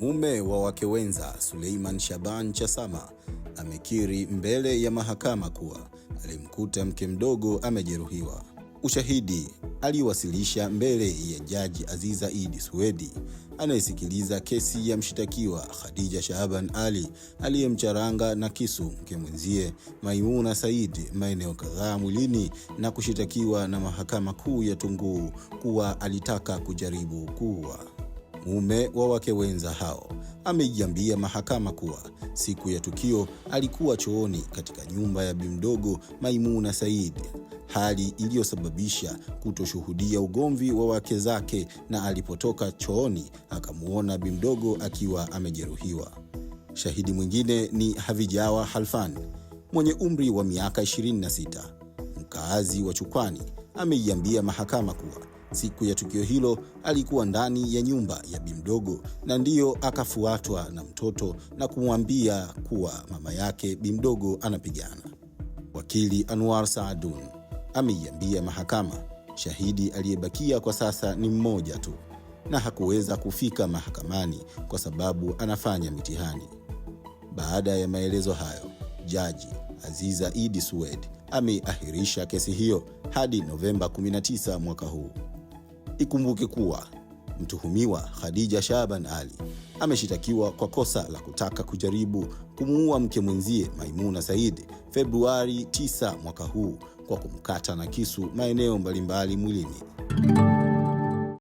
Mume wa wake wenza Suleiman Shaban Chasama amekiri mbele ya mahakama kuwa alimkuta mke mdogo amejeruhiwa. Ushahidi aliwasilisha mbele ya Jaji Aziza Idi Suwedi anayesikiliza kesi ya mshtakiwa Khadija Shahaban Ali aliyemcharanga na kisu mke mwenzie Maimuna said maeneo kadhaa mwilini na kushitakiwa na Mahakama Kuu ya Tunguu kuwa alitaka kujaribu kuua mume wa wake wenza hao ameiambia mahakama kuwa siku ya tukio alikuwa chooni katika nyumba ya bimdogo Maimuna Said, hali iliyosababisha kutoshuhudia ugomvi wa wake zake, na alipotoka chooni akamwona bimdogo akiwa amejeruhiwa. Shahidi mwingine ni Havijawa Halfan mwenye umri wa miaka 26, mkaazi wa Chukwani, ameiambia mahakama kuwa Siku ya tukio hilo alikuwa ndani ya nyumba ya bi mdogo, na ndiyo akafuatwa na mtoto na kumwambia kuwa mama yake bi mdogo anapigana. Wakili Anwar Saadun ameiambia mahakama shahidi aliyebakia kwa sasa ni mmoja tu na hakuweza kufika mahakamani kwa sababu anafanya mitihani. Baada ya maelezo hayo, jaji Aziza Idi Suwed ameahirisha kesi hiyo hadi Novemba 19 mwaka huu. Ikumbuke kuwa mtuhumiwa Khadija Shaban Ali ameshitakiwa kwa kosa la kutaka kujaribu kumuua mke mwenzie Maimuna Said Februari 9 mwaka huu kwa kumkata na kisu maeneo mbalimbali mwilini.